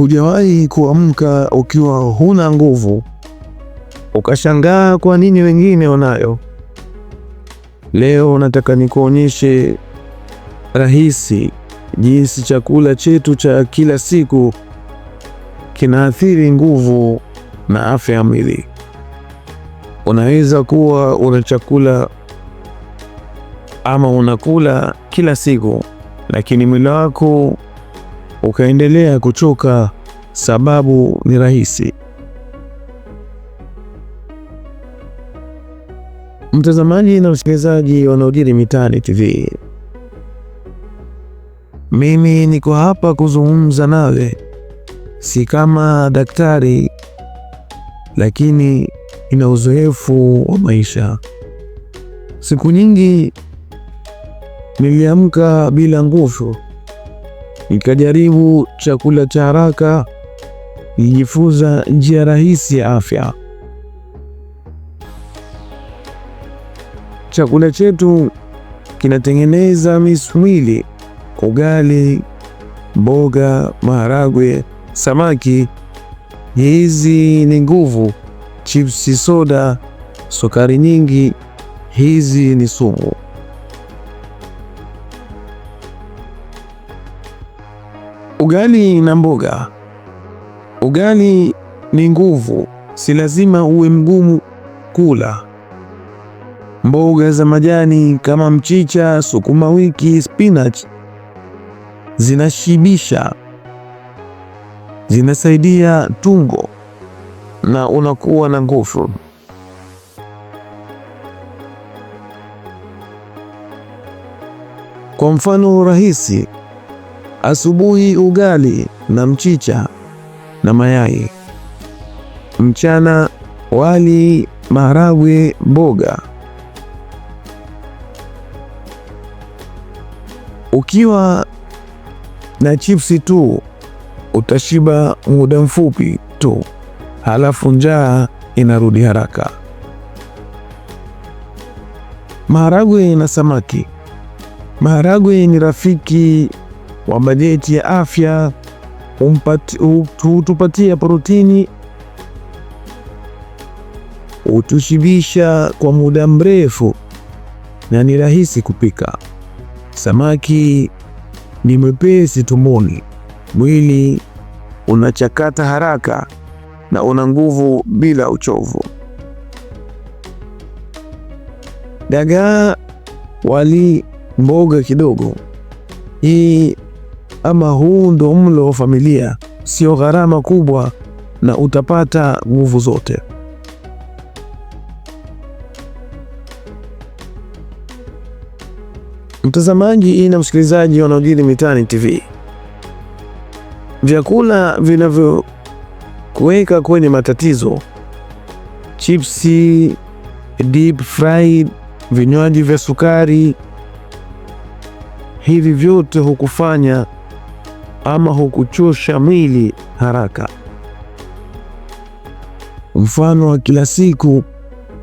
Hujawahi kuamka ukiwa huna nguvu, ukashangaa kwa nini wengine wanayo. Leo nataka nikuonyeshe rahisi jinsi chakula chetu cha kila siku kinaathiri nguvu na afya ya mwili. Unaweza kuwa una chakula ama unakula kila siku, lakini mwili wako ukaendelea kuchoka. Sababu ni rahisi. Mtazamaji na msikilizaji wanaojiri mitaani TV, mimi niko hapa kuzungumza nawe, si kama daktari, lakini ina uzoefu wa maisha. Siku nyingi niliamka bila nguvu nikajaribu chakula cha haraka, nijifunza njia rahisi ya afya. Chakula chetu kinatengeneza misumili: ugali, mboga, maharagwe, samaki. Hizi ni nguvu. Chipsi, soda, sukari nyingi, hizi ni sumu. Ugali na mboga. Ugali ni nguvu, si lazima uwe mgumu kula. Mboga za majani kama mchicha, sukuma wiki, spinach zinashibisha, zinasaidia tumbo na unakuwa na nguvu. Kwa mfano rahisi Asubuhi ugali na mchicha na mayai. Mchana wali, maharagwe, mboga. Ukiwa na chipsi tu utashiba muda mfupi tu, halafu njaa inarudi haraka. Maharagwe na samaki. Maharagwe ni rafiki wa bajeti ya afya hutupatia protini, hutushibisha kwa muda mrefu na ni rahisi kupika. Samaki ni mwepesi tumboni, mwili unachakata haraka na una nguvu bila uchovu. Dagaa, wali, mboga kidogo. Hii ama huu ndo mlo wa familia, sio gharama kubwa na utapata nguvu zote. Mtazamaji na msikilizaji yanayojiri mitaani TV, vyakula vinavyokuweka kwenye matatizo: chipsi, deep fried, vinywaji vya sukari, hivi vyote hukufanya ama hukuchosha mwili haraka. Mfano wa kila siku,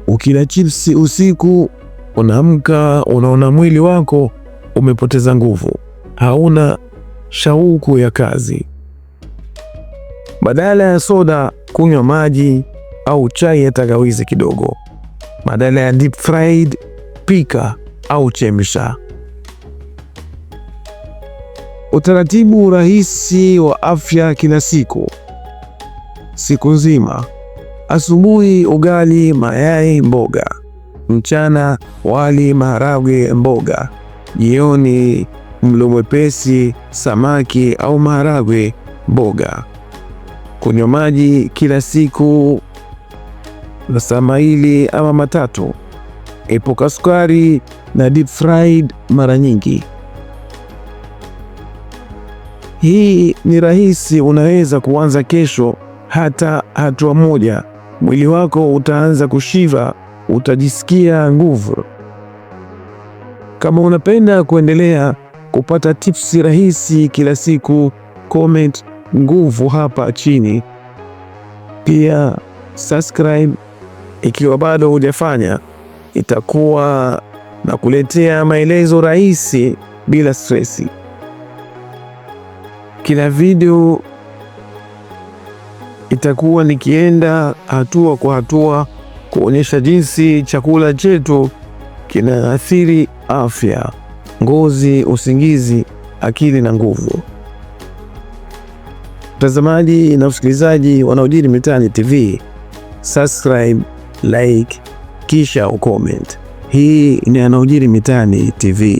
ukila chipsi usiku, unaamka unaona mwili wako umepoteza nguvu, hauna shauku ya kazi. Badala ya soda, kunywa maji au chai ya tangawizi kidogo. Badala ya deep fried, pika au chemsha. Utaratibu rahisi wa afya kila siku, siku nzima: asubuhi ugali, mayai, mboga; mchana wali, maharagwe, mboga; jioni mlo mwepesi, samaki au maharagwe, mboga. Kunywa maji kila siku, glasi mbili ama matatu. Epuka sukari na deep fried mara nyingi. Hii ni rahisi, unaweza kuanza kesho, hata hatua moja. Mwili wako utaanza kushiva, utajisikia nguvu. Kama unapenda kuendelea kupata tips rahisi kila siku, comment nguvu hapa chini, pia subscribe ikiwa bado hujafanya. Itakuwa na kuletea maelezo rahisi bila stresi kila video itakuwa nikienda hatua kwa hatua kuonyesha jinsi chakula chetu kinaathiri afya, ngozi, usingizi, akili na nguvu. Mtazamaji na msikilizaji wanaojiri mitaani TV, subscribe, like, kisha ucomment. Hii ni yanayojiri mitaani TV.